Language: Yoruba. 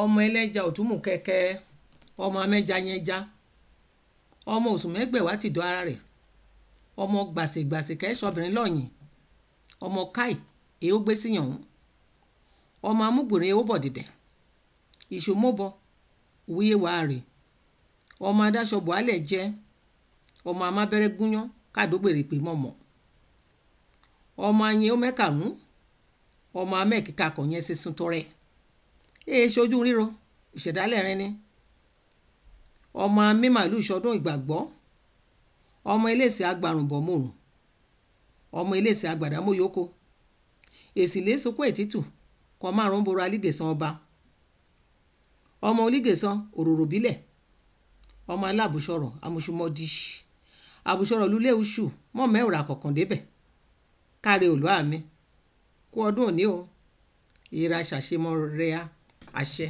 ọmọ ẹlẹ́ja ò tún mú kẹ́kẹ́ ọmọ amẹ́ja yẹn já ọmọ òsùn mẹ́gbẹ̀wá ti dọ́ ara rẹ̀ ọmọ gbàsègbàsè kẹ́sọ̀bìnrin lọ́yìn ọmọ káì èyí ó gbé síyàn òun ọmọ amúgbòrin èyí ó bọ̀ dìdẹ̀ ìṣòmóbọ òwúyé wàá rè ọmọ adáṣọbọ alẹ̀ jẹ́ ọmọ amábẹ́rẹ́ gúnyán kàdógbèrè pé mọ̀mọ́ ọmọ anyin ó mẹ́kànún ọmọ amẹ́kíkà kọ̀ yẹn sísun tọrẹ èyí ṣojú ríro ìṣẹ̀dálẹ̀ rin ni ọmọ mímàlú ìṣọdún ìgbàgbọ́ ọmọ iléeṣẹ́ agbárùnbọ̀mọ̀rùn ọmọ iléeṣẹ́ agbàdámóyókò èsì lẹ́sọkọ ètìtù kọ márùn bora alídèsán ọba ọmọ olígèsán òróró bílẹ̀ ọmọ aláàbùsọ̀rọ̀ amúṣúmọ́dí àbùsọ̀rọ̀ lulẹ̀ oṣù mọ́mẹ́wòrán kọ̀ọ̀kan débẹ̀ káre òlú àmì kú ọdún òní o ìra ṣàṣemọ rẹ̀ àṣẹ